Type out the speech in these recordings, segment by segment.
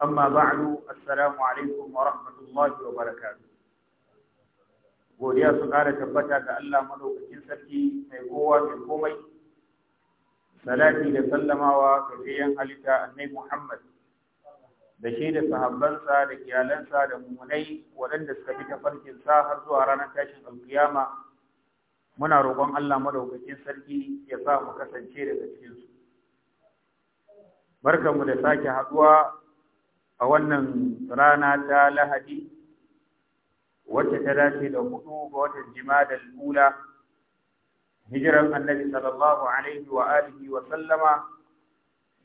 amma بعد assalamu alaikum wa الله wa godiya su kara tabbata da Allah madaukakin sarki mai kowa mai komai salati da sallamawa ga fiyan halitta annabi Muhammad da shi da sahabbansa da iyalansa da mummunai waɗanda suka bi tafarkin sa har zuwa ranar tashin alkiyama muna roƙon Allah maɗaukacin sarki ya sa mu kasance daga cikin su barkanmu da sake haɗuwa a wannan rana ta lahadi wacce ta dace da hudu ga watan jimadal ula hijiran annabi sallallahu alaihi wa alihi wa sallama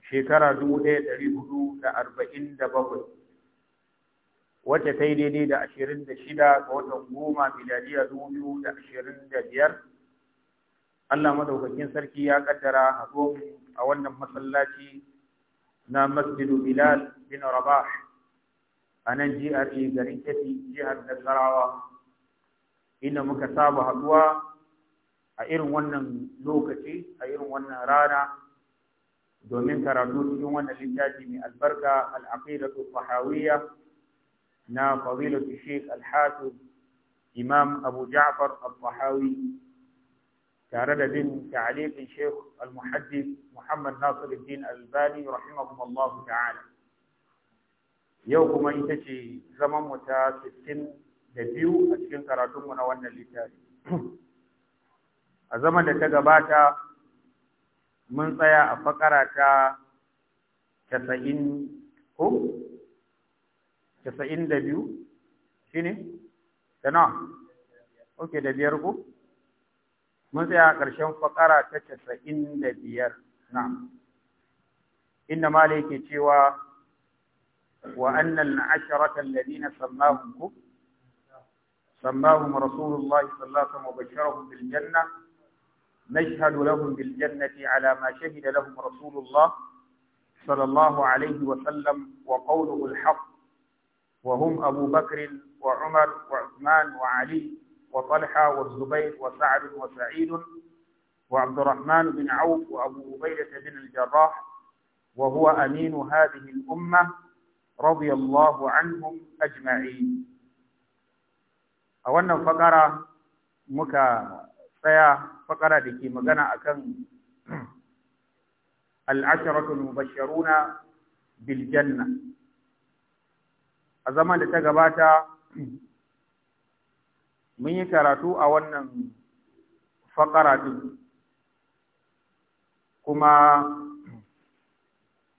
shekara 1447 wacce ta yi daidai da 26 ga watan goma miladiya 2025 Allah madaukakin sarki ya kaddara haɗo a wannan masallaci na masjidu bilal bin rabah a nan jihar garin kefi jihar nasarawa inda muka saba haduwa a irin wannan lokaci a irin wannan rana domin karatu cikin wannan littafi mai albarka al'aqidatu fahawiyya na fadilatu sheikh al-hafiz imam abu ja'far al-fahawi tare da bin ta'aliqin Sheikh Al-Muhaddis Muhammad din al Nasiruddin Albani rahimahullahu ta'ala yau kuma ita ce zaman mu ta da biyu a cikin karatun mu na wannan littafi a zaman da ta gabata mun tsaya a fakara ta 90 ko 92 shine da nawa okay da biyar ko mun tsaya ƙarshen faƙara ta casa'in da biyar na inda mala yake cewa wa annal asharata alladhina sammahum ku sammahum rasulullahi sallallahu alaihi wasallam wa basharahum bil janna nashhadu lahum bil jannati ala ma shahida lahum rasulullah sallallahu alaihi wa sallam wa qawluhu al haqq wa umar wa وعمر wa وعلي وطلحة والزبير وسعد وسعيد وعبد الرحمن بن عوف وأبو عبيدة بن الجراح وهو أمين هذه الأمة رضي الله عنهم أجمعين أولا فقرة مكا tsaya fakara da ke magana a kan al'asharatul mubashiruna biljanna a zaman da ta gabata mun yi karatu a wannan fakara din kuma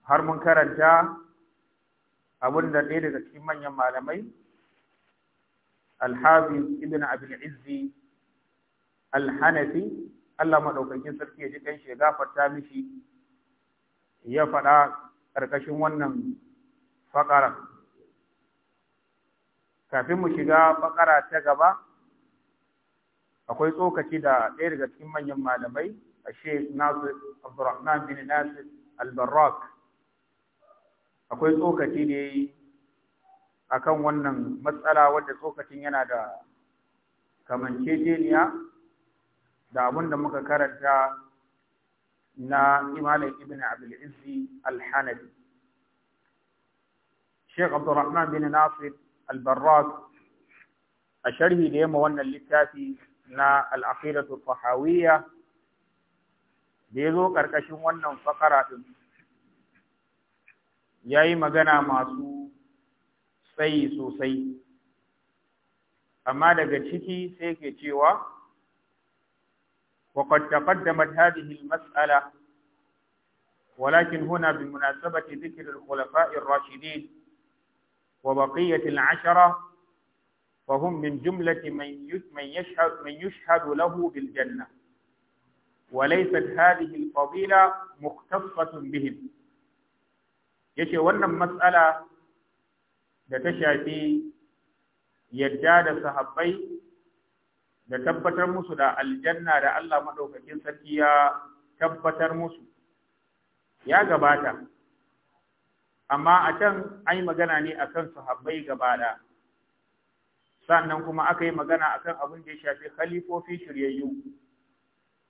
har mun karanta abin da ɗaya daga cikin manyan malamai alhafiz ibn abin izzi alhanafi Allah maɗaukakin sarki ya ji kanshi ya gafarta mishi ya faɗa ƙarƙashin wannan faƙara kafin mu shiga faƙara ta gaba akwai tsokaci da ɗaya daga cikin manyan malamai a sheikh nasir abdurrahman bin nasir albarak akwai tsokaci da ya yi a kan wannan matsala wadda tsokacin yana da kamance jeniya da abin da muka karanta na imanin ibn abdulizzi alhanabi sheikh abdurrahman bin nasir albarak a sharhi da yamma wannan littafi na al'aqidatu tahawiyya da zo ƙarƙashin wannan fakara din yayi magana masu sai sosai amma daga ciki sai ke cewa wa qad taqaddamat hadhihi al walakin huna bi munasabati zikirin al-khulafa' rashidin wa baqiyati ashara فهم من جملة من يشهد, من يشهد له بالجنة وليست هذه الفضيلة مختصة بهم yace wannan matsala da ta shafi yadda da sahabbai da tabbatar musu da aljanna da Allah madaukakin sarki ya tabbatar musu ya gabata amma a can ai magana ne akan sahabbai gaba ɗaya sannan kuma aka yi magana akan abin da ya shafi khalifofi shiryayyu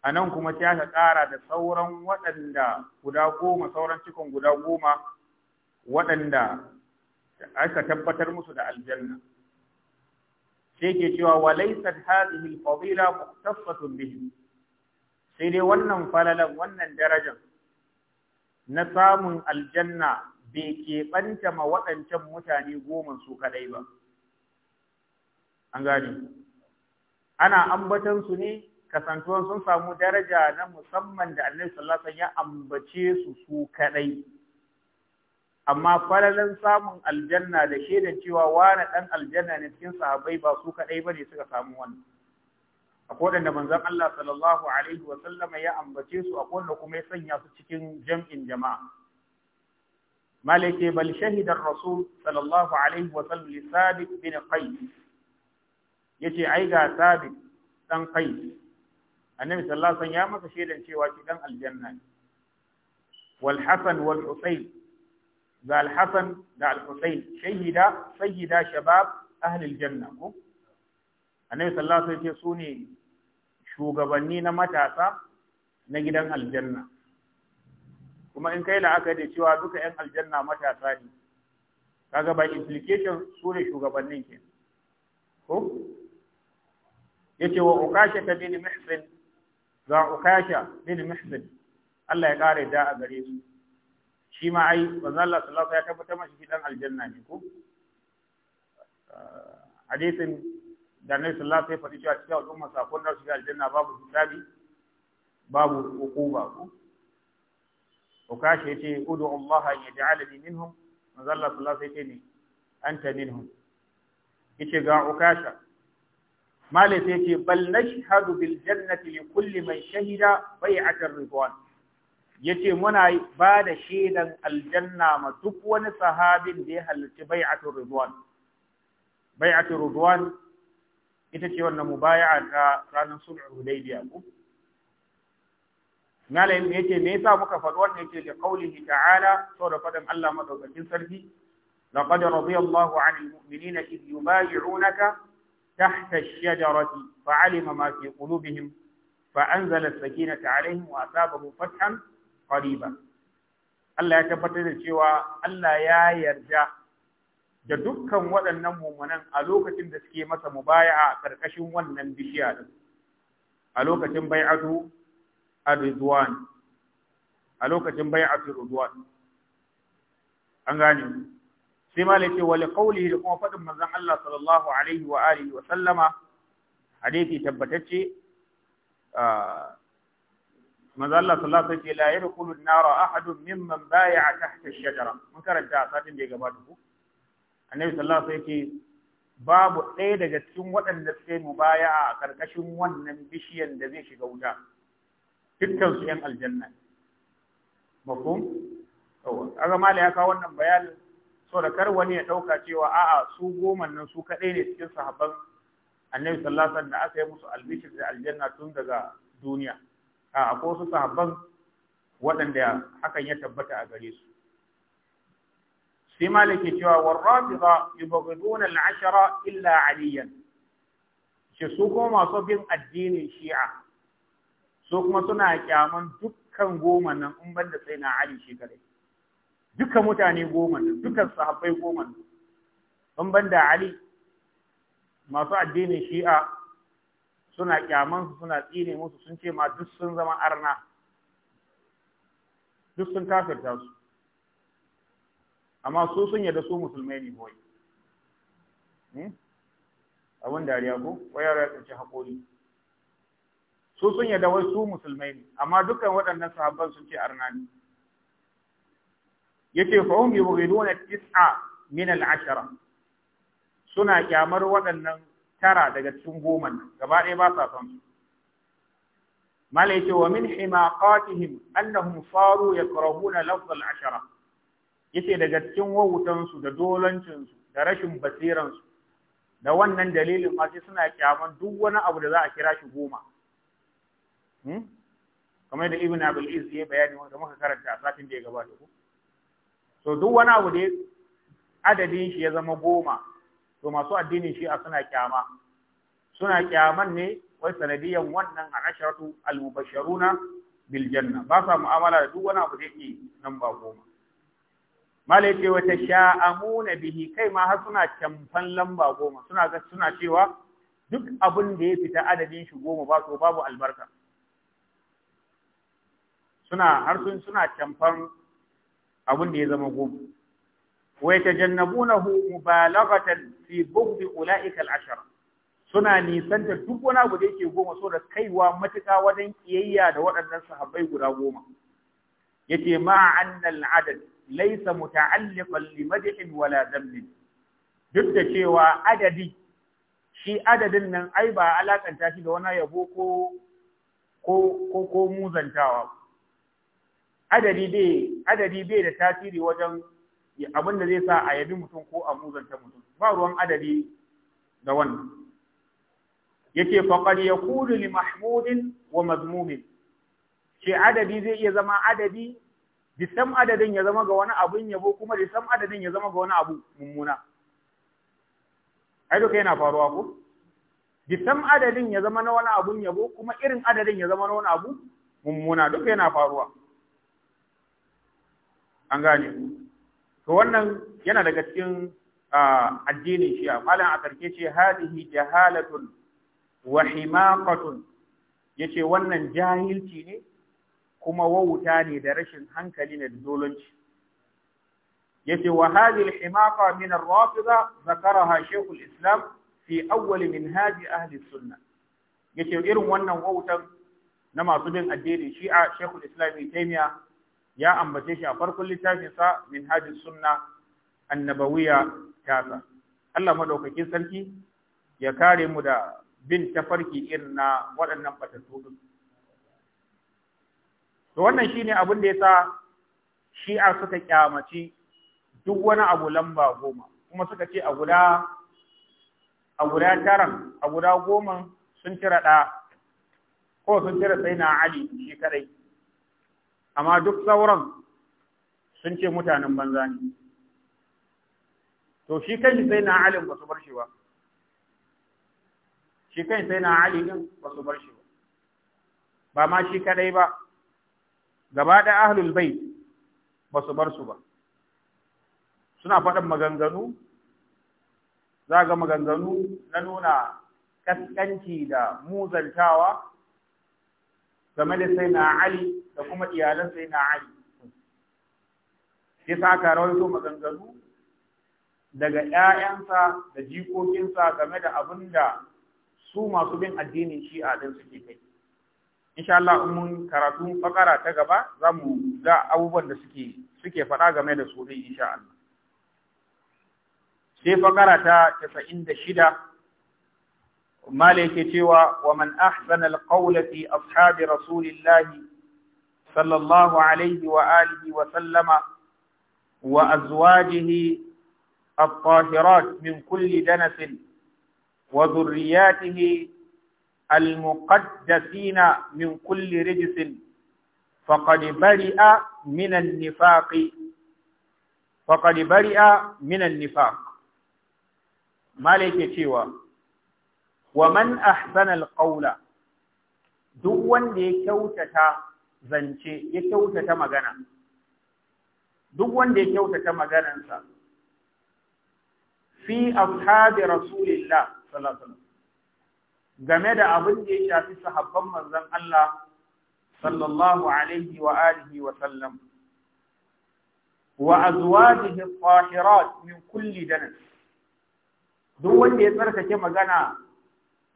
a nan kuma sai aka ƙara da sauran waɗanda guda goma sauran cikon guda goma waɗanda aka tabbatar musu da aljanna sai ke cewa walaisat hadhihi alfadila muktasatun bihi sai dai wannan falalan wannan darajar na samun aljanna bai keɓanta ma waɗancan mutane goma su kadai ba. an gane ana ambatan su ne kasantuwan sun samu daraja na musamman da annabi sallallahu alaihi wasallam ya ambace su su kadai amma falalan samun aljanna da shaidan cewa wani dan aljanna ne cikin sahabbai ba su kadai bane suka samu wannan akwai wanda manzon Allah sallallahu alaihi wa ya ambace su akwai wanda kuma ya sanya su cikin jam'in jama'a malike bal shahida ar-rasul sallallahu wa sallam li sabit bin qais Ya ce ai ga sabit dan kai annabi sallallahu alaihi wasallam ya masa shaidan cewa shi dan aljanna ne wal hasan wal husayn ga al hasan da al husayn shahida sayyida shabab ahli al janna ko annabi sallallahu alaihi wasallam su shugabanni na matasa na gidan aljanna kuma in kai la'akari da cewa duka 'yan aljanna matasa ne kaga by implication su ne shugabannin ke ko yace wa ukasha ta bin mihsin ga ukasha bin mihsin Allah ya kare da a gare su shi ma ai manzo Allah sallallahu alaihi ya tabbata mashi gidan aljanna ne ko ah, hadisin da ne sallallahu alaihi wasallam ya faɗi cewa al'umma sakon da shiga aljanna babu hisabi babu hukuma ko ukasha yace ud'u Allah ya ja'alani minhum manzo Allah sallallahu alaihi wasallam yace ni anta minhum yace ga ukasha malai sai ce bal nashhadu bil jannati li kulli man shahida bai'atar ridwan yace muna ba da shaidan aljanna ma duk wani sahabin da ya halarci bai'atul ridwan bai'atul ridwan ita ce wannan mubaya'a ta ranar sulhu hudaybiya ko malamin yace me yasa muka faɗo wannan yace da qaulihi ta'ala saboda faɗin Allah madaukakin sarki laqad radiyallahu 'anil mu'minina idh yubay'unaka تحت الشجرة فعلم ما في قلوبهم فأنزل السكينة عليهم وأصابهم فتحا قريبا Allah ya tabbatar da cewa Allah ya yarda da dukkan waɗannan mummunan a lokacin da suke masa a ƙarƙashin wannan bishiya din a lokacin bai'atu ar-ridwan a lokacin bai'atu ar-ridwan an gane mu. sai ma ce wa kauli da kuma faɗin manzon Allah sallallahu alaihi wa alihi wa sallama hadisi tabbatacce ah, manzon Allah sallallahu alaihi wa sallam la yadkhulu an-nara ahadun mimman bay'a tahta ash-shajara mun karanta satin da ya gabata ku annabi sallallahu alaihi wa sallam yake babu ɗaya daga cikin waɗanda suke mubaya'a a karkashin wannan bishiyan da zai shiga wuta dukkan su yan aljanna mafhum mala ya kawo wannan bayanin so da kar wani ya ɗauka cewa a'a su goma nan su kaɗai ne cikin sahabban annabi sallallahu alaihi da aka yi musu albishir da aljanna tun daga duniya a akwai wasu sahabban waɗanda hakan ya tabbata a gare su sai malaki cewa warrafida yubghiduna al-ashara illa aliyan shi su kuma masu bin addinin shi'a su kuma suna kyaman dukkan goma nan in banda sai na ali shi kadai duka mutane goma nan duka sahabbai goma nan ban banda ali masu addinin shi'a suna kyamansu suna tsine musu sun ce ma duk sun zama arna duk sun kafirta su amma su sun yarda su musulmai ne boye hmm? abin dariya ko wayar ya tsinci haƙori su sun yarda wai su musulmai ne amma dukkan waɗannan sahabban sun ce arna ne yace fa hum yubghiduna tis'a min ashara suna kyamar waɗannan tara daga cikin goma nan gaba ɗaya ba sa son su mala wa min himaqatihim annahum saru yakrahuna lafz al-ashara yace daga cikin wautan su da dolancin su da rashin basiran su da wannan dalilin ma sai suna kyaman duk wani abu da za a kira shi goma hmm? kamar da ibn abul iz ya bayani wanda muka karanta a satin da ya gabata ko to duk wani abu da adadin shi ya zama goma to masu addinin shi'a suna kyama suna kyaman ne wai sanadiyan wannan a asharatu al-mubashsharuna bil janna ba sa mu'amala da duk wani abu da yake nan ba goma mala yace wa tasha'amuna bihi kai ma har suna camfan lamba goma suna ga suna cewa duk abin da ya fita adadin shi goma ba to babu albarka suna har sun suna kyamfan abin da ya zama goma wa yatajannabunahu mubalaghatan fi bughd ulaika al-ashara suna nisantar duk wani abu da yake goma so da kaiwa matuka wajen kiyayya da waɗannan sahabbai guda goma yace ma annal adad laysa muta'alliqan li madhin wala dhanbin duk da cewa adadi shi adadin nan ai ba alakanta shi da wani yabo ko ko ko muzantawa adadi bai adadi bai da tasiri wajen abin da zai sa a yabi mutum ko a muzanta mutum ba ruwan adadi da wannan yake faqad yaqulu li mahmudin wa mazmumin shi adadi zai iya zama adadi sam adadin ya zama ga wani abun yabo kuma sam adadin ya zama ga wani abu mummuna ai duka yana faruwa ko sam adadin ya zama na wani abun yabo kuma irin adadin ya zama na wani abu mummuna duka yana faruwa an gane ku to wannan yana daga cikin addinin shi'a malam a karke ce hadihi jahalatun wa himaqatun yace wannan jahilci ne kuma wauta ne da rashin hankali ne da zolunci yace wa hadhihi al-himaqa min ar-rafida zakaraha shaykh al-islam fi awwal minhaj ahli sunnah yace irin wannan wautan na masu bin addinin shi'a shaykh al-islam ibn taymiya ya ambace shi a farkon littafin sa minhajus sunna annabawiya tasa Allah madaukakin sarki ya kare mu da bin tafarki irin na waɗannan batattu to wannan shine abin da ya sa shi'a suka kyamaci duk wani abu lamba goma kuma suka ce a guda a guda taran a guda goma sun cire ɗa ko sun cire sai na Ali shi kadai amma duk sauran sun ce mutanen banza ne to shi kai sai na alin ba su bar shi ba shi kai sai na Ali din ba su bar shi ba ba ma shi kadai ba gaba da ahlul bait ba su bar su ba suna faɗin maganganu za ga maganganu na nuna kaskanci da muzantawa game da sai na Ali da kuma iyalan sai na Ali. Shi sa rawaito maganganu daga ‘ya'yansa da jikokinsa game da abin da su masu bin addinin shi'a ɗin suke kai. Insha Allah in mun karatu fakara ta gaba za mu ga abubuwan da suke faɗa game da su in insha Allah. Sai fakara ta 96 مالك تيوا ومن أحسن القول في أصحاب رسول الله صلى الله عليه وآله وسلم وأزواجه الطاهرات من كل دنس وذرياته المقدسين من كل رجس فقد برئ من النفاق فقد برئ من النفاق مالك تيوا wa man ahsana alqawla duk wanda ya kyautata zance ya kyautata magana duk wanda ya kyautata maganarsa fi ashabi rasulillah sallallahu alaihi game da abin da ya shafi sahabban manzon Allah sallallahu alaihi wa alihi wa sallam wa azwajihi at-tahirat min kulli danas duk wanda ya tsarkake magana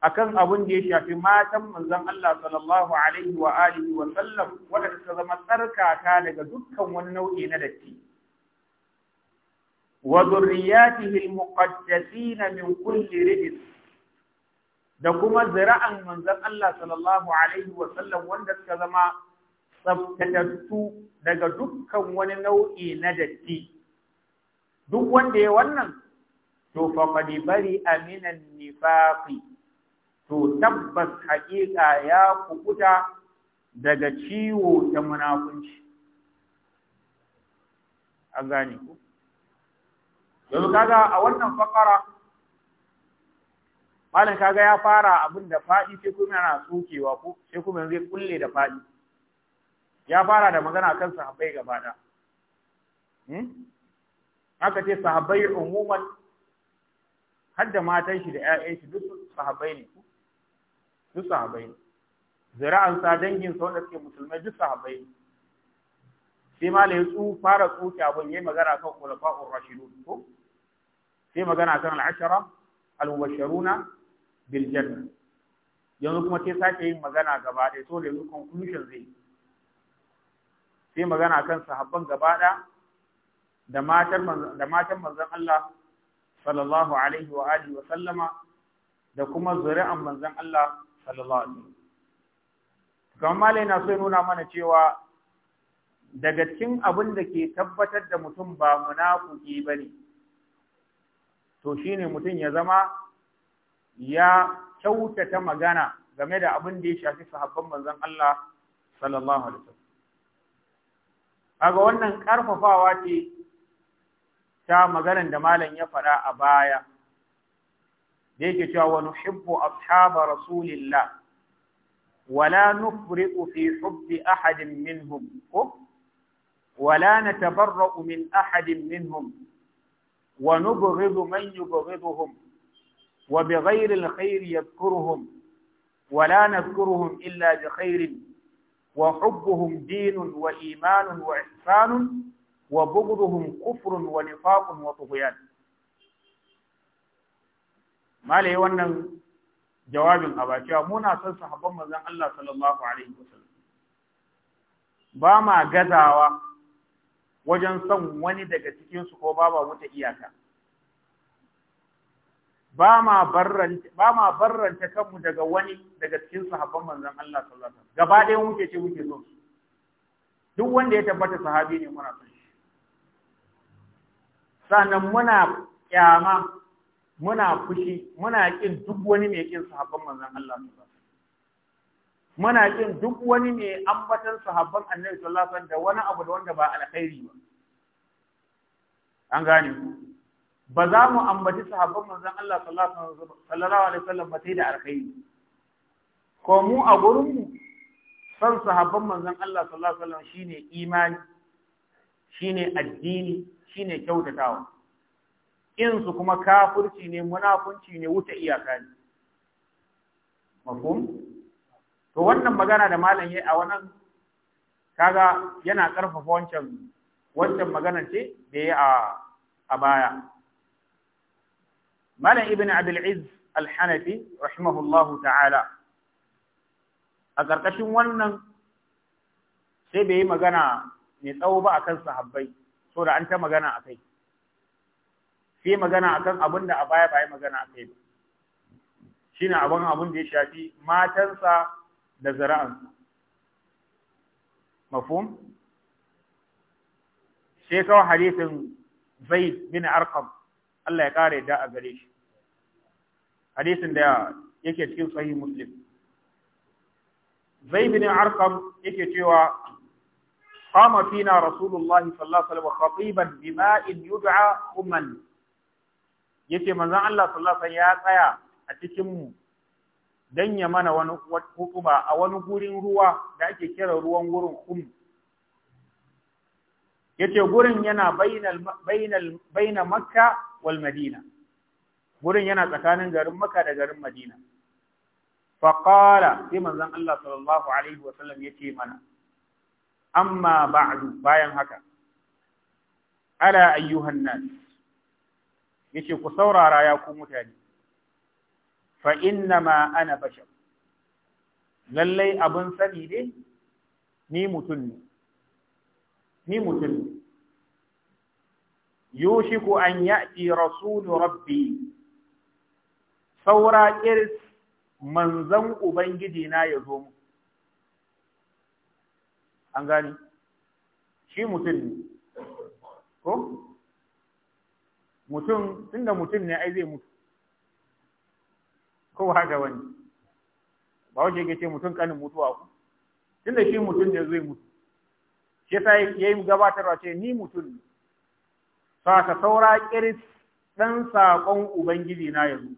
akan abin da ya shafi matan manzon Allah sallallahu alaihi wa alihi wa sallam wanda ta zama tsarkaka daga dukkan wani nau'i na datti wa zurriyatihi almuqaddasin min kulli rijis da kuma zira'an manzon Allah sallallahu alaihi wa sallam wanda suka zama tsaftatattu daga dukkan wani nau'i na datti duk wanda ya wannan to fa faqad bari aminan nifaqi to tabbas haƙiƙa ya kukuta daga ciwo ta munafunci A gane ku yanzu kaga a wannan fakara malin kaga ya fara abin da faɗi sai kuma yana tsokewa ko sai kuma ya kulle da faɗi ya fara da magana kan sahabbai gaba da Haka hmm? ce sahabbai umuman har da matan shi da ƴaƴan shi duk sahabbai ne duk sahabbai sa dangin sa wanda suke musulmai duk sahabai sai ma ya su fara tsoke abin yayi magana kan ar rashidun ko sai magana kan al-ashara al-mubashshiruna bil janna yanzu kuma sai sake yin magana gaba ɗaya so da yanzu conclusion zai sai magana kan sahabban gaba ɗaya da matan da matan manzon Allah sallallahu alaihi wa alihi wa sallama da kuma zuri'an manzon Allah sallallahu alaihi wasallam kamar na so nuna mana cewa daga cikin abin da ke tabbatar da mutum ba munafiki bane to shine mutum ya zama ya kyautata magana game da abin da ya shafi sahabban manzon Allah sallallahu alaihi wasallam aga wannan karfafawa ce ta maganar da malam ya faɗa a baya ديجي تشا ونحب اصحاب رسول الله ولا نفرق في حب احد منهم ولا نتبرأ من احد منهم ونبغض من يبغضهم وبغير الخير يذكرهم ولا نذكرهم الا بخير وحبهم دين وايمان واحسان وبغضهم كفر ونفاق وطغيان malai wannan jawabin a bakiwa muna son sahabban manzon Allah sallallahu alaihi wasallam ba ma gazawa wajen son wani daga cikin su ko ba ba wuta iyaka ba ma barranta kanmu daga wani daga cikin sahabban manzon Allah sallallahu alaihi wasallam gaba ɗaya muke ce muke son duk wanda ya tabbata sahabi ne muna son shi sannan muna kyama muna fushi muna kin duk wani mai kin sahabban manzon Allah sallallahu muna kin duk wani mai ambatan sahabban Annabi sallallahu alaihi wasallam da wani abu da wanda ba alkhairi ba an gane ku ba za mu ambaci sahabban manzon Allah sallallahu alaihi wasallam ba sai da alkhairi ko mu a gurin mu san sahabban manzon Allah sallallahu alaihi wasallam shine imani shine addini shine kyautatawa su kuma kafurci ne munafunci ne wuta iyaka ne mafhum to wannan magana da malam yayi a wannan kaga yana ƙarfafa wancan wancan magana ce da yayi a a baya malam ibn abul izz al-hanafi rahimahullahu ta'ala a ƙarƙashin wannan sai bai yi magana mai tsawo ba akan sahabbai so da an ta magana akai sai magana akan abin da a baya ba yi magana akai ba shine abin abin da ya shafi matansa da zara'ansa mafhum sai kawo hadisin Zaid bin Arqam Allah ya kare da a gare shi hadisin da yake cikin sahih Muslim Zaid bin Arqam yake cewa qama fina Rasulullah sallallahu alaihi wasallam khatiban bima'in yud'a umman yace manzon Allah sallallahu alaihi ya tsaya a cikin mu dan ya mana wani hukuma a wani gurin ruwa da ake kira ruwan gurin kum yace gurin yana bainal bainal baina makka wal madina gurin yana tsakanin garin makka da garin madina fa qala sai manzon Allah sallallahu alaihi wa sallam yace mana amma ba'du bayan haka ala ayyuhan nas yace ku saurara ya ku mutane fa inna ma ana bashar lallai abin sani ne ni mutum ne ni mutum ne yushiku an ya'ti rasulu rabbi saura irs manzan ubangiji na ya zo mu an gani shi mutum ne ko mutum tunda mutum ne ai zai mutu ko haka wani ba wace yake ce mutum kanin mutuwa ku tunda shi mutum ne zai mutu shi yasa yayi gabatarwa ce ni mutum ne saka saura kiris dan sakon ubangiji na yanzu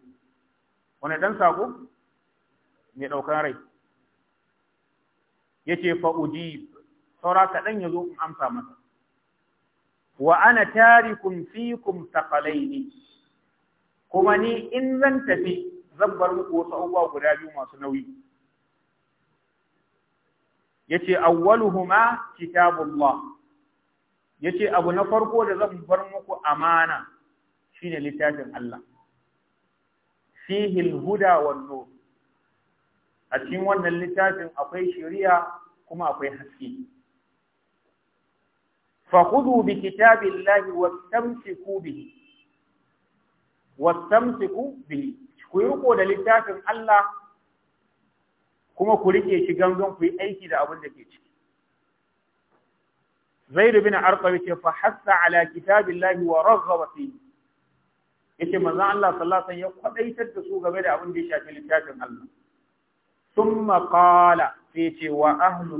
wani dan sako mai daukan rai yace fa uji saura kadan yazo in amsa masa wa ana tarikum fikum ne. kuma ni in zan tafi zan bar muku wasu abubuwa guda biyu masu nauyi yace awwaluhuma kitabullah yace abu na farko da zan bar muku amana shine littafin Allah Sihil alhuda wan a cikin wannan littafin akwai shari'a kuma akwai haske fakudu bi kitabi llahi wastamsiku bihi tamsiku bihi ku yi riko da littafin Allah kuma ku rike shi gangan ku yi aiki da abin da ke ciki zaidu bin arqabi ce fa hasa ala kitabi llahi wa raghaba fi yake manzon Allah sallallahu alaihi wasallam ya kwadaitar da su game da abin da ya shafi littafin Allah ثم قال في ahlu ahlu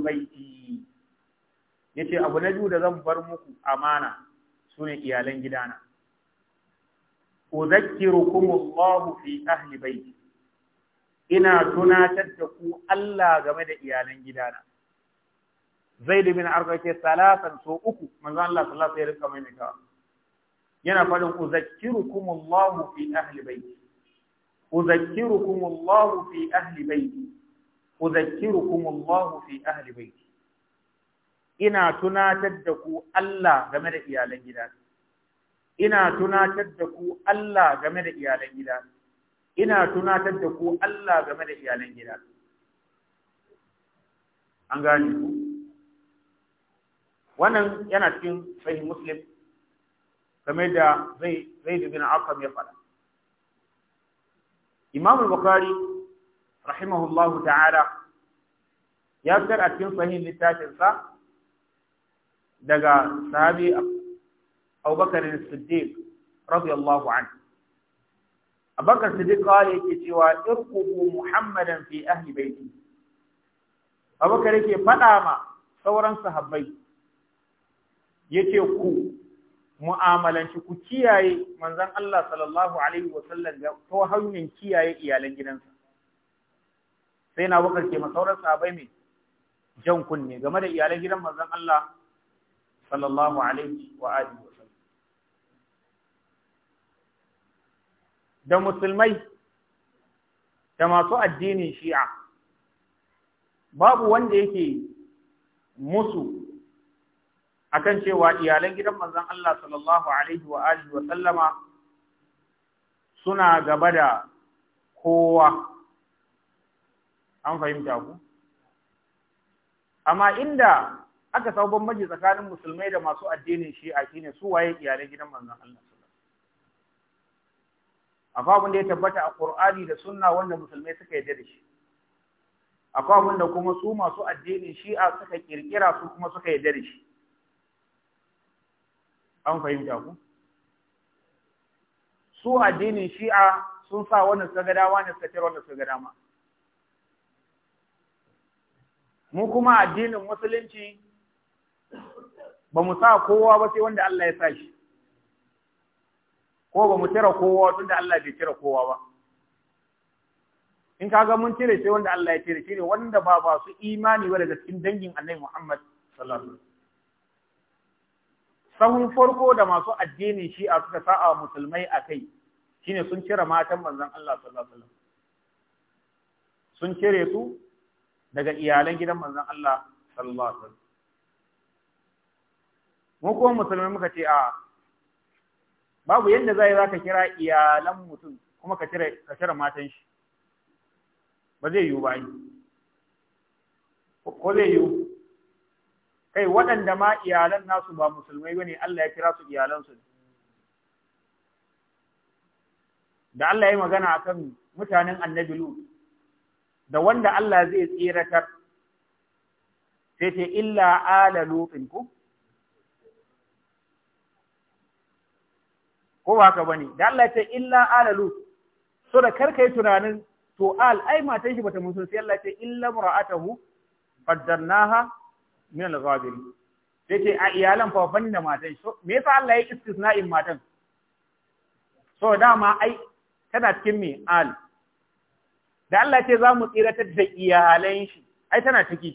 yace abu na biyu da zan bar muku amana sune iyalan gidana udhakkirukumullahu fi ahli baiti ina tunatar da ku Allah game da iyalan gidana Zaid bin Arqa ke salatan so uku manzo Allah sallallahu alaihi wasallam ya rika yana faɗin uzakkirukumullahu fi ahli bayti udhakkirukumullahu fi ahli baiti udhakkirukumullahu fi ahli baiti ina tunatar da ku Allah game da iyalan gida ina tunatar da ku Allah game da iyalan gida ina tunatar da ku Allah game da iyalan gida an gane ku wannan yana cikin sahih muslim game da zai zai bin aqam ya fara imam al-bukhari rahimahullahu ta'ala ya fitar a cikin sahih littafinsa daga sahabi Abubakar Siddiq radiyallahu anhu Abubakar Siddiq kawai yake cewa irqubu Muhammadan fi ahli baiti Abubakar yake faɗa ma sauran sahabbai yace ku mu'amalanci ku kiyaye manzon Allah sallallahu alaihi wa sallam ta hanyar kiyaye iyalan gidansa sai na Abubakar ke masauran sahabbai mai jan kunne game da iyalan gidan manzon Allah sallallahu alaihi wa alihi da musulmai da masu addinin shi'a babu wanda yake musu akan cewa iyalan gidan manzon Allah sallallahu alaihi wa alihi wa sallama suna gaba da kowa an fahimta ku amma inda aka samu bambanci tsakanin musulmai da masu addinin shi'a shine su waye iyalai gidan manzon Allah akwai abin da ya tabbata a Qur'ani da sunna wanda musulmai suka yarda da shi akwai abin da kuma su masu addinin shi'a suka kirkira su kuma suka yarda da shi an fahimta ku su addinin shi'a sun sa wannan suka ga ne suka tarwa wannan suka ga dama mu kuma addinin musulunci ba mu sa kowa ba sai wanda Allah ya sa shi ko ba mu cire kowa tunda Allah bai cire kowa ba in kaga mun cire sai wanda Allah ya cire shi ne wanda ba ba su imani ba daga cikin dangin Annabi Muhammad sallallahu alaihi wasallam sahun farko da masu addinin a suka sa'a musulmai akai shine sun cire matan manzon Allah sallallahu alaihi wasallam sun cire su daga iyalan gidan manzon Allah sallallahu alaihi wasallam mu ko musulmai muka ce a babu yadda zai za ka kira iyalan mutum kuma ka cire ka matan shi ba zai yiwu ba yi ko zai yiwu kai waɗanda ma iyalan nasu ba musulmai bane Allah ya kira su iyalansu da Allah ya magana akan mutanen annabi lu da wanda Allah zai tsiratar sai ce illa ala lutin ku ko ba ka bane da Allah ya ce illa alalu so da karkai yi tunanin to al ai matan shi bata mutu sai Allah ya ce illa mar'atahu qaddarnaha min al-ghabiri yace a iyalan fa da matan so me yasa Allah ya istisna'in matan so dama ai tana cikin me al da Allah ya ce za mu tsiratar da iyalan shi ai tana ciki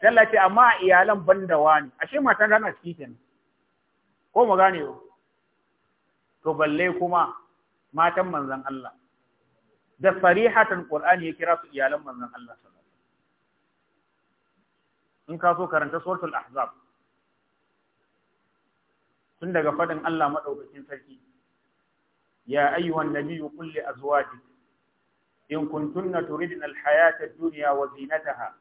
da Allah ce amma iyalan banda wani ashe matan rana ciki kenan ko mu gane to balle kuma matan manzon Allah da sarihatan Qur'ani ya kira su iyalan manzon Allah sallallahu in ka so karanta suratul ahzab tun daga fadin Allah madaukakin sarki ya ayyuhan nabiyyu qul li azwajik in kuntunna turidna al-hayata ad-dunya wa zinataha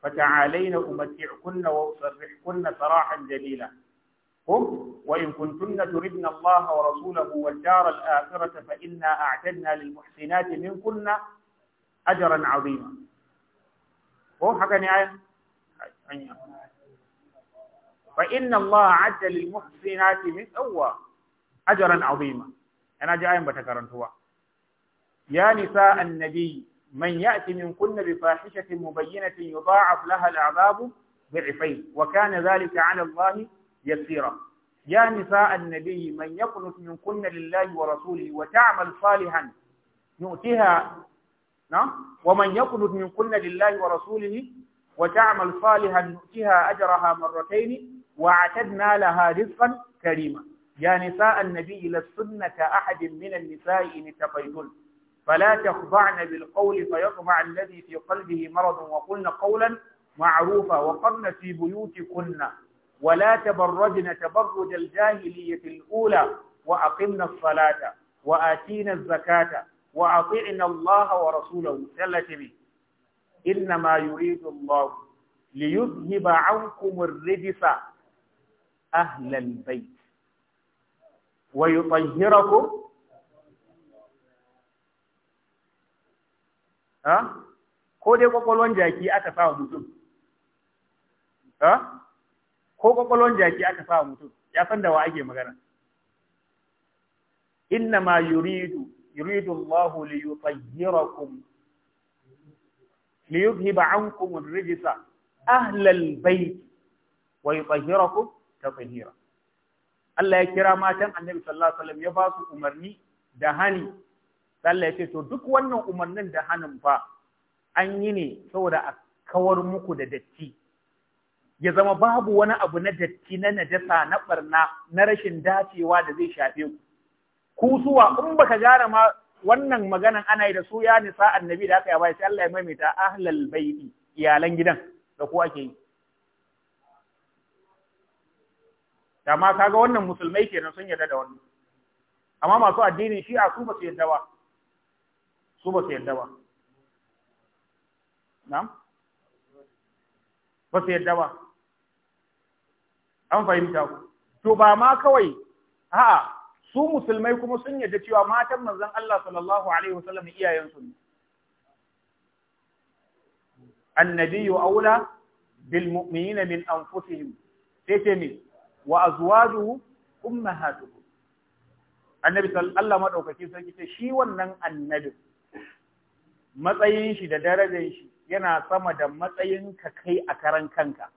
fata'alayna umatti'kunna wa usarrihkunna sarahan jalila هم وإن كنتن تردن الله ورسوله والدار الآخرة فإنا أعتدنا للمحسنات منكن أجرا عظيما قم حكى نهاية فإن الله عد للمحسنات من أوى أجرا عظيما أنا جاي هو يا نساء النبي من يأتي منكن بفاحشة مبينة يضاعف لها العذاب ضعفين وكان ذلك على الله يسيرا يا نساء النبي من من منكن لله ورسوله وتعمل صالحا نؤتها نعم ومن من منكن لله ورسوله وتعمل صالحا نؤتها أجرها مرتين وأعتدنا لها رزقا كريما يا نساء النبي لسنة كأحد من النساء إن اتقيتن فلا تخضعن بالقول فيطمع الذي في قلبه مرض وقلن قولا معروفا وقرن في بيوتكن ولا تبرجن تبرج الجاهلية الأولى وأقمنا الصلاة وآتينا الزكاة وأطعنا الله ورسوله ثلاثة إنما يريد الله ليذهب عنكم الرجس أهل البيت ويطهركم ها ko dai kwakwalwan jaki aka sa mutum ha ko kwakwalwan jaki aka sa mutum ya san da wa ake magana inna ma yuridu yuridu Allah li yutayyirakum li yuzhiba ankum ar-rijsa ahla al-bayt wa yutahhirakum tatheera Allah ya kira matan Annabi sallallahu alaihi wasallam ya ba su umarni da hani Allah ya ce to duk wannan umarnin da hanin fa an yi ne saboda a kawar muku da datti ya zama babu wani abu na datti na najasa na barna na rashin dacewa da zai shafe ku ku suwa in baka gara ma wannan maganan ana yi da su ya nisa annabi da aka yaba sai Allah ya maimaita ahlal baiti iyalan gidan da ku ake yi amma kaga wannan musulmai kenan sun yarda da wannan amma masu addinin shi'a su ba su yarda ba su ba su yarda ba na'am ba su yarda ba an fahimta ku to ba ma kawai a'a su musulmai kuma sun yarda cewa matan manzon Allah sallallahu alaihi wasallam iyayen su ne annabiyyu aula bil mu'minina min anfusihim sai ce ne wa azwajuhu annabi sallallahu madaukakin sarki ce shi wannan annabi matsayin shi da darajar shi yana sama da matsayin ka kai a karan kanka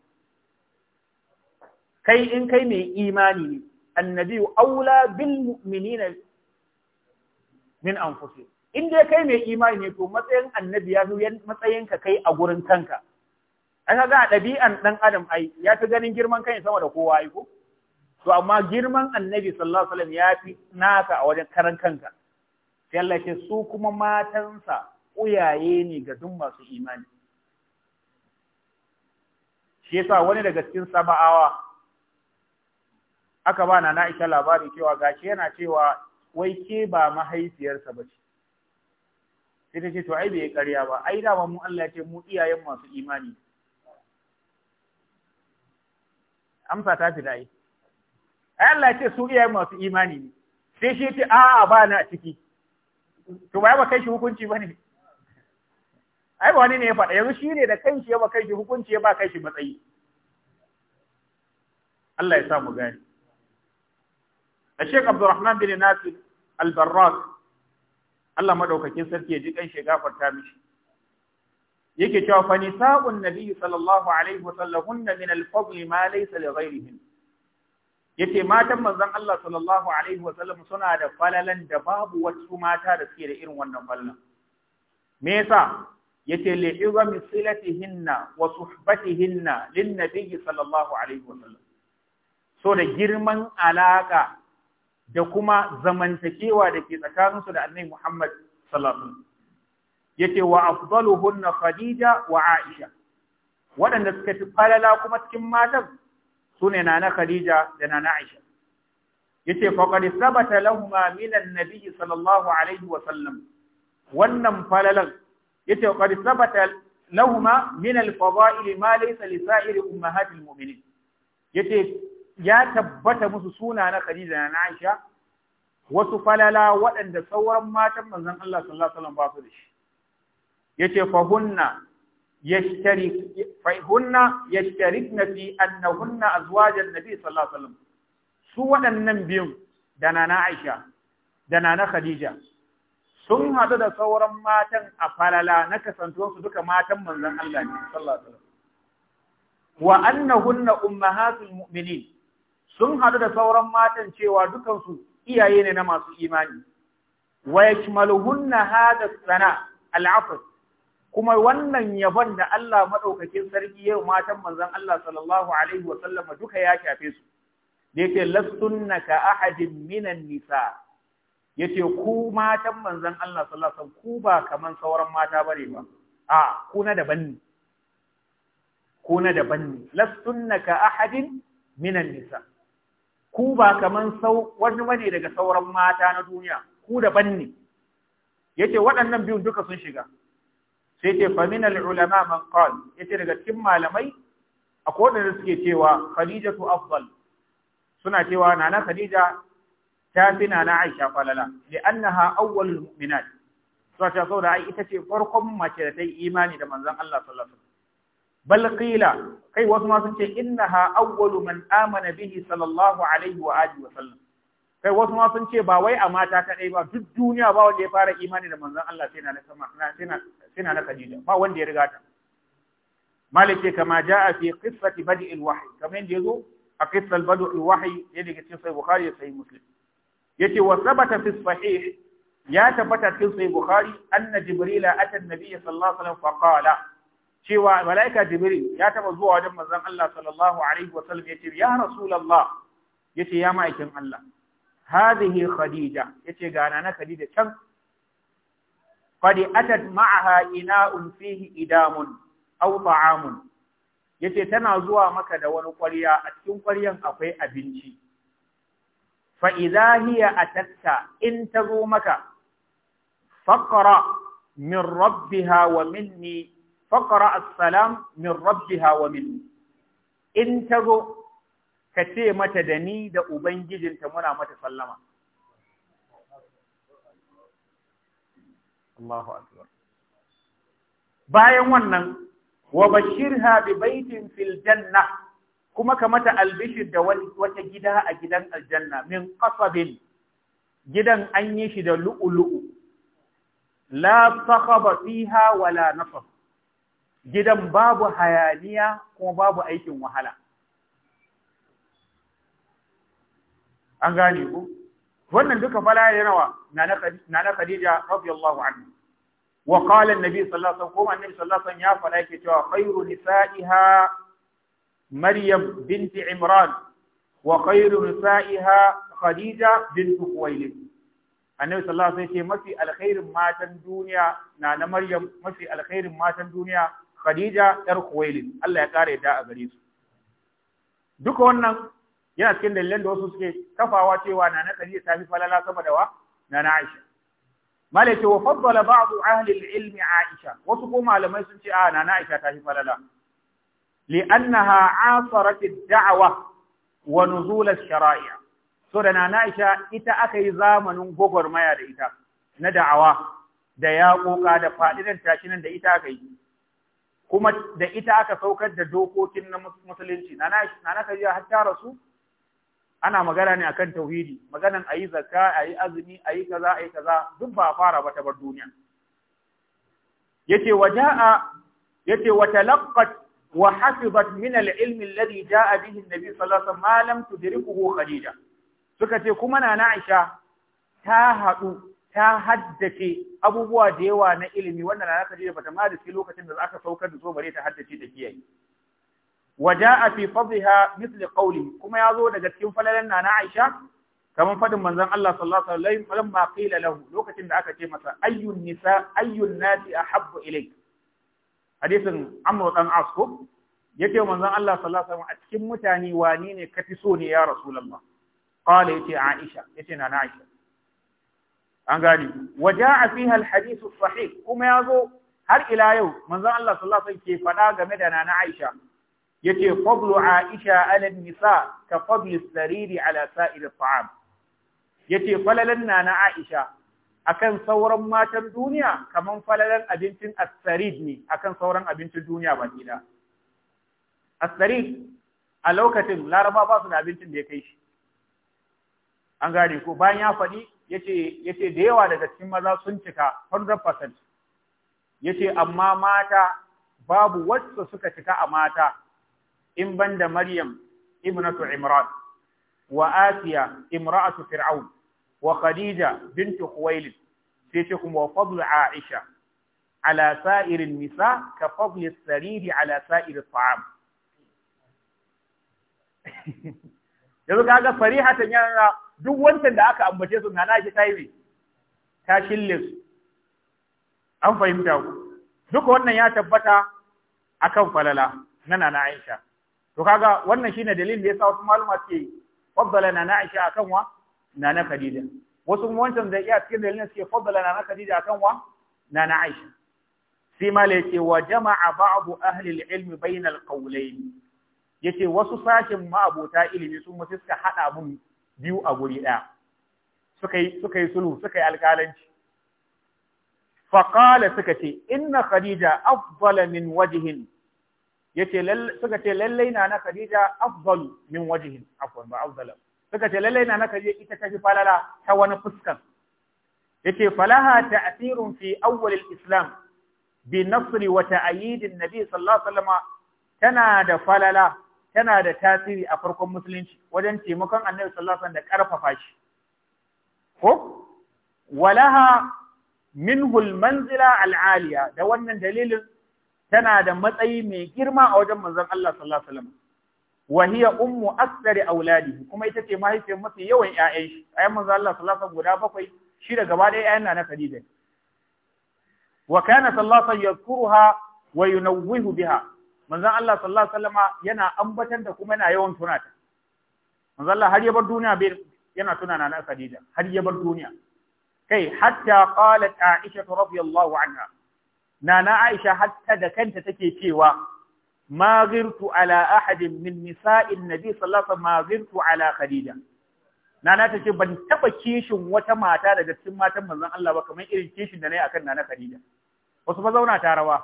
kai in kai mai imani ne annabi aula bil mu'minina min anfusi in dai kai mai imani ne to matsayin annabi ya zo matsayin ka kai a gurin kanka ai kaga a ɗabi'an ɗan adam ai ya fi ganin girman kai sama da kowa ai ko to amma girman annabi sallallahu alaihi wasallam ya fi naka a wajen karan kanka sai Allah su kuma matansa uyaye ne ga duk masu imani shi wani daga cikin sama'awa. aka ba na na'isha labari cewa gashi yana cewa wai ke ba mahaifiyarsa ba ce sai ta ce to ai bai ƙarya ba ai dama mu Allah ce mu iyayen masu imani amsa ta fi da'i. ai Allah ce su iyayen masu imani ne sai shi ce a'a ba na a ciki to ba ba kai shi hukunci ba ne ai ba wani ne ya faɗa yanzu shi ne da kanshi ya ba kai shi hukunci ya ba kai shi matsayi Allah ya sa mu gani A Sheikh Abdurrahman bin Nasir Al-Barrak Allah madaukakin sarki ya ji kan shi gafarta mishi yake cewa fa nisa'un nabiy sallallahu alaihi wasallam min al-fadl ma yace matan manzon Allah sallallahu alaihi sallam suna da falalan da babu wasu mata da suke da irin wannan falalan me yasa yace li izami silatihinna wa suhbatihinna lin nabiy sallallahu alaihi sallam? so da girman alaka da kuma zamantakewa da ke tsakaninsu da annabi Muhammad sallallahu alaihi wasallam yace wa afdaluhunna Khadija wa Aisha waɗanda suka fi falala kuma cikin matan sune nana Khadija da nana Aisha Ya yace faqad sabata lahumma minan an-nabi sallallahu alaihi wasallam wannan falalan yace faqad sabata lahumma min al-fada'il ma laysa li sa'iri ummahatil mu'minin ce. ya tabbata musu suna na Khadija na Aisha wasu falala waɗanda sauran matan manzon Allah sallallahu alaihi wasallam ba su da shi yace fa hunna yashtari fa hunna yashtarikna fi annahunna azwajan nabi sallallahu alaihi wasallam su waɗannan biyun da nana Aisha da nana Khadija sun hadu da sauran matan a falala na su duka matan manzon Allah ne sallallahu alaihi wasallam wa annahunna ummahatul mu'minin sun haɗu da sauran matan cewa dukansu iyaye ne na masu imani wa yashmaluhunna hada sana al'afr kuma wannan yabon da Allah madaukakin sarki yau matan manzon Allah sallallahu alaihi wa sallam duka ya shafe su yake lastunna ka ahadin minan nisa yace ku matan manzon Allah sallallahu alaihi wa sallam ku ba kaman sauran mata ne ba a ku na daban ne ku na daban ne lastunna ka ahadin minan nisa ku ba kaman sau wani bane daga sauran mata na duniya ku daban ne yace waɗannan biyun duka sun shiga sai yace faminal ulama man qala yace daga cikin malamai akwai wanda suke cewa Khadija khadijatu afdal suna cewa nana khadija ta fi nana aisha falala li annaha awwalul mu'minat suna cewa saboda ita ce farkon mace da ta yi imani da manzon Allah sallallahu alaihi wasallam bal qila kai wasu ma sun ce innaha awwalu man amana bihi sallallahu alaihi wa alihi wa sallam kai wasu ma sun ce ba wai a mata kadai ba duk duniya ba wanda ya fara imani da manzon Allah sai na na sama sai na na Khadija ba wanda ya riga ta malike kama jaa fi qissati bad'il wahyi kamar yadda yazo a qissal bad'il wahyi yadda ke cikin sahih bukhari da sahih muslim yace wa sabata fi sahih ya tabbata cikin sahih bukhari anna jibrila ata an-nabiy sallallahu alaihi wasallam fa qala cewa mala'ika jibril ya taba zuwa wajen manzon Allah sallallahu alaihi wasallam ce ya ya ce ya ma'aikin Allah hazihi khadija yace ga na khadija can Fadi atat ma'aha ina'un fihi idamun aw ta'amun yace tana zuwa maka da wani ƙwarya a cikin ƙwaryan akwai abinci fa idza hiya in in tazo maka faqra min rabbiha wa minni faqra assalam min rabbiha wa min in zo ka ce mata da ni da ubangijinta muna mata sallama Allahu akbar bayan wannan wa bashirha bi baitin fil janna kuma ka mata albishir da wata gida a gidan aljanna min qasabin gidan an yi shi da lu'ulu'u la sakhaba fiha wala nasab gidan babu hayaniya kuma babu aikin wahala an gani ku wannan duka fala yana wa na khadija radiyallahu anha wa qala nabi kuma annabi sallallahu alaihi wasallam ya fara yake cewa khairu nisa'iha maryam binti imran wa khairu nisa'iha khadija bintu khuwailid annabi sallallahu alaihi wasallam ya ce mafi alkhairin matan duniya na na maryam mafi alkhairin matan duniya Khadija ‘yar Kuwailid, Allah ya ƙara yadda a gare su. Duka wannan yana cikin dalilan da wasu suke kafawa cewa na na Khadija ta fi falala sama da wa na na Aisha. Malai ce wa faddala ba'du ahli ilmi Aisha, wasu ko malamai sun ce a ah, na na Aisha ta fi falala. Li'annaha asarat ad-da'wa wa nuzul ash So da na na Aisha ita aka yi zamanin gwagwarmaya da ita na da'awa da ya ƙoƙa da faɗidan tashinan da ita aka yi. kuma da ita aka saukar da dokokin na musulunci na na kajiya har ta rasu ana magana ne akan tauhidi maganan ayi zakka ayi azumi ayi kaza ayi kaza duk ba fara ba ta bar duniya yace waja'a yace wa talaqqat wa hafizat min al-ilm alladhi ja'a bihi an-nabi sallallahu alaihi wasallam ma lam tudrikuhu khadija suka ce kuma na Aisha ta haɗu ta haddace abubuwa da yawa na ilimi wannan na naka da bata ma da lokacin da aka saukar da so bare ta haddace da kiyaye waja'a fi fadhiha misli qawli kuma yazo daga cikin falalan nana Aisha kamar fadin manzon Allah sallallahu alaihi wasallam lamma qila lahu lokacin da aka ce masa ayyun nisa ayyun nasi ahabbu ilayk hadisin Amr dan As ko yake manzon Allah sallallahu alaihi wasallam a cikin mutane wani ne kafi so ne ya rasulullah qala yace Aisha yace nana Aisha an gani waja'a fiha alhadith sahih kuma zo har ila yau manzon Allah sallallahu alaihi ke faɗa game da nana Aisha yace fadlu Aisha ala nisa ka fadli sariri ala sa'ir at'am yace falalan nana Aisha akan sauran matan duniya kaman falalan abincin as-sarid ne akan sauran abincin duniya ba. da as-sarid a lokacin laraba ba su da abincin da ya kai shi an gane ko bayan ya faɗi yace yace da yawa daga cikin maza sun cika 100% yace amma mata babu wacce suka cika a mata in banda Maryam ibnatu Imran wa Asiya imra'atu Fir'aun wa Khadija bintu Khuwailid sai ce kuma wa Aisha ala sa'irin nisa ka fadli sariri ala sa'irin ta'am yanzu kaga farihatan yana duk wancan da aka ambace su na shi ta yi ta shille su an fahimta ku duka wannan ya tabbata akan falala na nana Aisha to kaga wannan shine dalilin da ya sa wasu maluma suke fadala nana Aisha akan wa nana Khadija wasu wancan da iya cikin dalilin suke fadala nana Khadija akan wa nana Aisha sai mala yake wa jama'a ba'du ahli al-ilm bayna al-qawlayn yace wasu sashin ma abota ilimi sun mutu suka hada mun biyu a guri ɗaya suka yi sulhu suka yi alƙalanci Faƙala suka ce inna khadija afdala min wajihin. yace suka ce lallai na na khadija afdalu min wajihin, afwan ba afdala suka ce lallai na na khadija ita ta fi falala ta wani fuskan yace falaha ta asirin fi awwal al-islam bi nasri wa ta'yid an-nabi sallallahu alaihi wasallam tana da falala tana da tasiri a farkon musulunci wajen taimakon annabi sallallahu alaihi da karfafa shi ko walaha minhu almanzila alaliya da wannan dalilin tana da matsayi mai girma a wajen manzon Allah sallallahu alaihi wa hiya ummu aktsari auladihi kuma ita ce mahaifiyar mafi yawan ƴaƴan shi ayyan manzon Allah sallallahu alaihi guda bakwai shi da gaba ɗaya ƴaƴan na Khadija wa kana sallallahu alaihi yadhkuruha wa yunawwihu biha manzon Allah sallallahu alaihi wasallama yana ambatan da kuma yana yawan tuna ta manzon Allah har ya bar duniya bai yana tuna na Khadija har ya bar duniya kai hatta qalat Aisha radiyallahu anha nana Aisha hatta da kanta take cewa ma ghirtu ala ahadin min nisa'in nabi sallallahu alaihi wasallam ma ghirtu ala Khadija Nana ta ce ban taba kishin wata mata daga cikin matan manzon Allah ba kamar irin kishin da nayi akan Nana Khadija. Wasu zauna ta rawa,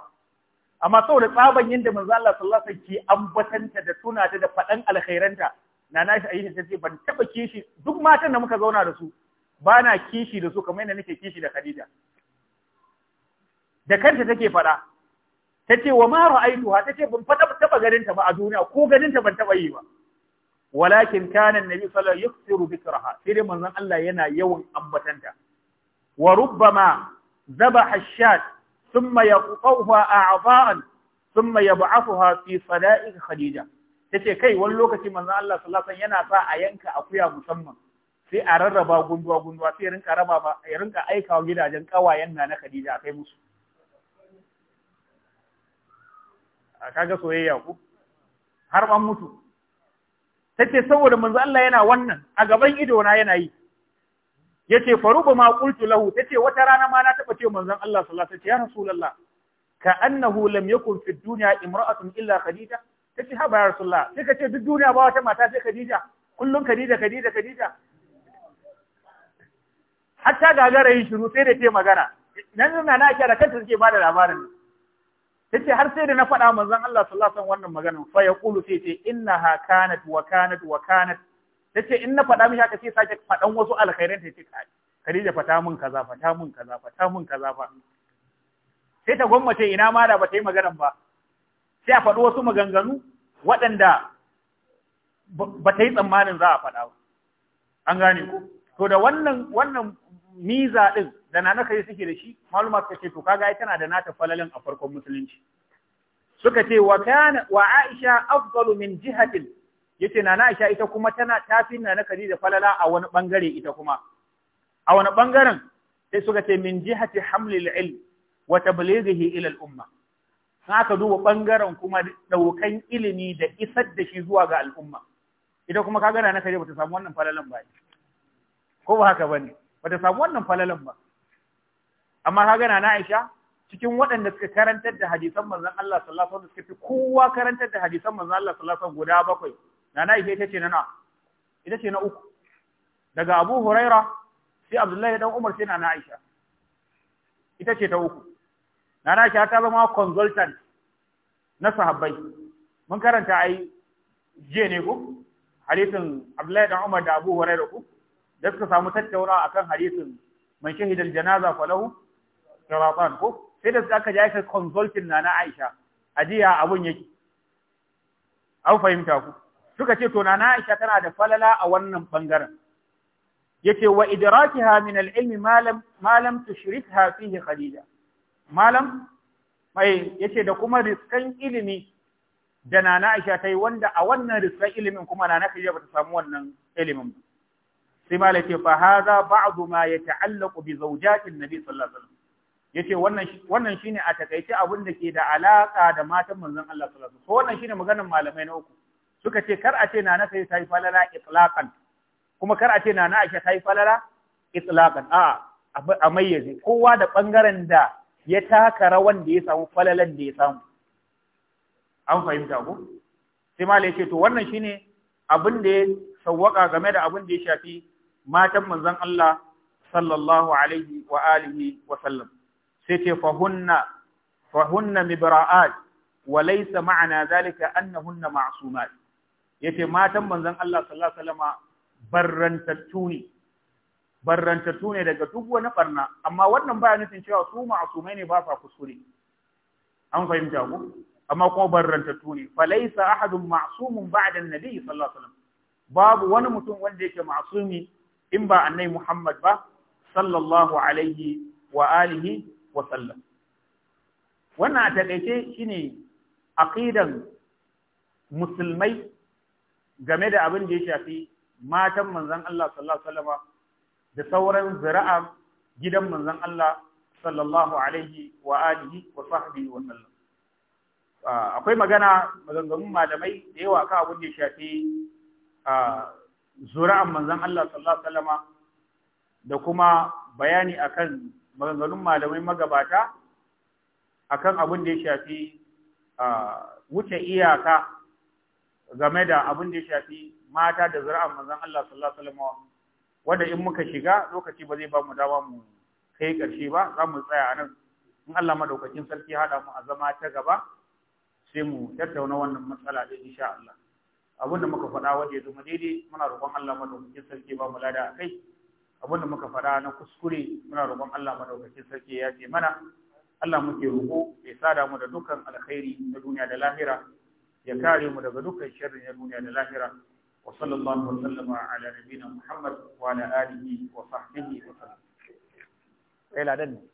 amma saboda tsaban yadda manzo Allah sallallahu alaihi ke ambatanta da ta da faɗan alkhairanta na nashi ta ce ban taba kishi duk matan da muka zauna da su ba na kishi da su kamar yadda nake kishi da Khadija da kanta take faɗa tace wa ma ra'aituha tace ban faɗa taba ganin ta ba a duniya ko ganin ta ban taba yi ba walakin kana annabi sallallahu alaihi wasallam yaksiru bikraha sai dai manzon Allah yana yawan ambatanta wa rubbama zabaha shat ثم يقطعها أعضاء ثم يبعثها في صلائق خديجة tace kai wani lokaci manzon Allah sallallahu alaihi wasallam yana sa a yanka akuya musamman sai a rarraba gunduwa gunduwa sai rinka raba ba ya rinka aika wa gidajen kawayen na na Khadija kai musu a kaga soyayya ku har an mutu tace saboda manzon Allah yana wannan a gaban ido na yana yi yace faruba ma qultu lahu tace wata rana ma na taba ce manzon Allah sallallahu alaihi wasallam ya rasulullah ka annahu lam yakun fi dunya imra'atun illa khadija tace ha ya rasulullah sai kace duk duniya ba wata mata sai khadija kullun khadija khadija khadija hatta gagara yin shiru sai da ce magana nan na na da kanta suke bada labarin tace har sai da na faɗa manzon Allah sallallahu alaihi wasallam wannan maganar fa yaqulu sai ce innaha kanat wa kanat wa kanat ta ce in na faɗa mishi haka sai sake faɗan wasu alkhairan ta ce Khadija fata mun kaza fata mun kaza fata mun kaza fa sai ta gwammace ina ma da bata yi maganan ba sai a faɗi wasu maganganu waɗanda ba ta yi tsammanin za a faɗa ba an gane ku to da wannan wannan miza din da na kai suke da shi maluma suka ce to kaga ai tana da nata falalin a farkon musulunci suka ce wa kana wa Aisha afdalu min jihatil yace nana Aisha ita kuma tana tafin nana Khadija falala a wani bangare ita kuma a wani bangaren sai suka ce min jihati hamlil ilm wa tablighihi ila al umma haka duba bangaren kuma daukan ilimi da isar da shi zuwa ga al'umma ita kuma kaga nana Khadija bata samu wannan falalan ba ko ba haka bane bata samu wannan falalan ba amma kaga nana Aisha cikin waɗanda suka karantar da hadisan manzon Allah sallallahu alaihi wasallam suka fi kowa karantar da hadisan manzon Allah sallallahu alaihi wasallam guda bakwai nana Aisha ita ce na na ita ce na uku daga Abu Huraira sai Abdullahi dan Umar sai nana Aisha ita ce ta uku nana Aisha ta zama consultant na sahabbai mun karanta ai je ne ku? hadisin Abdullahi dan Umar da Abu Huraira ku? da suka samu tattaunawa akan hadisin man shahidal janaza falahu qiratan ku? sai da suka ji aka consulting nana Aisha ajiya abun yake an fahimta ku suka ce to na Aisha tana da falala a wannan bangaren yace wa idrakiha min al-ilmi ma lam ma lam tushrikha fihi Khadija malam mai yace da kuma riskan ilimi da na Aisha tai wanda a wannan riskan ilimin kuma nana Khadija bata samu wannan ilimin ba sai malai ce fa hadha ba'd ma yata'allaqu bi zawjatin nabi sallallahu alaihi wasallam yace wannan wannan shine a takaice abin da ke da alaka da matan manzon Allah sallallahu alaihi wasallam wannan shine maganar malamai na uku suka ce kar a ce nana sai ta yi falala itlaqan kuma kar a ce nana Aisha ta yi falala itlaqan a a mayyaze kowa da bangaren da ya taka rawan da ya samu falalan da ya samu an fahimta ko sai malai ce to wannan shine abin da ya sawwaka game da abin da ya shafi matan manzon Allah sallallahu alaihi wa alihi wa sallam sai ce fahunna fahunna mibra'at wa laysa ma'ana zalika annahunna ma'sumat yace matan manzon Allah sallallahu alaihi wasallama barrantattu ne barrantattu ne daga duk wani barna amma wannan baya nufin cewa su ma'asumai ne ba sa kuskure an fahimta ku amma kuma barrantattu ne falaisa ahadun ma'sumun ba'da annabi sallallahu alaihi wasallam babu wani mutum wanda yake ma'sumi in ba annai Muhammad ba sallallahu alaihi wa alihi wa sallam wannan a takaice shine aqidan musulmai game da abin da ya shafi matan manzon Allah sallallahu alaihi da sauran zira'a gidan manzon Allah sallallahu alaihi wa alihi wa sahbihi wa sallam ah, akwai magana maganganun malamai da yawa kan abin da ya shafi ah, zura'a manzon Allah sallallahu alaihi da kuma bayani akan maganganun malamai magabata akan abin da ya shafi ah, wuce iyaka game da abin da ya shafi mata da zuri'an manzon Allah sallallahu alaihi wasallam wanda in muka shiga lokaci ba zai ba mu dawa mu kai ƙarshe ba za mu tsaya a nan in Allah madaukakin sarki haɗa mu a zama ta gaba sai mu tattauna wannan matsala da insha Allah abinda muka faɗa waje zuma daidai muna roƙon Allah madaukakin sarki ba mu lada a kai abinda muka faɗa na kuskure muna roƙon Allah madaukakin sarki ya ce mana Allah muke roƙo ya sada mu da dukkan alkhairi na duniya da lahira ya kare mu daga dukkan sharrin ya duniya da lahira wa sallallahu wa sallama ala nabina Muhammad wa ala alihi wa sahbihi wa sallam. Kai ladan.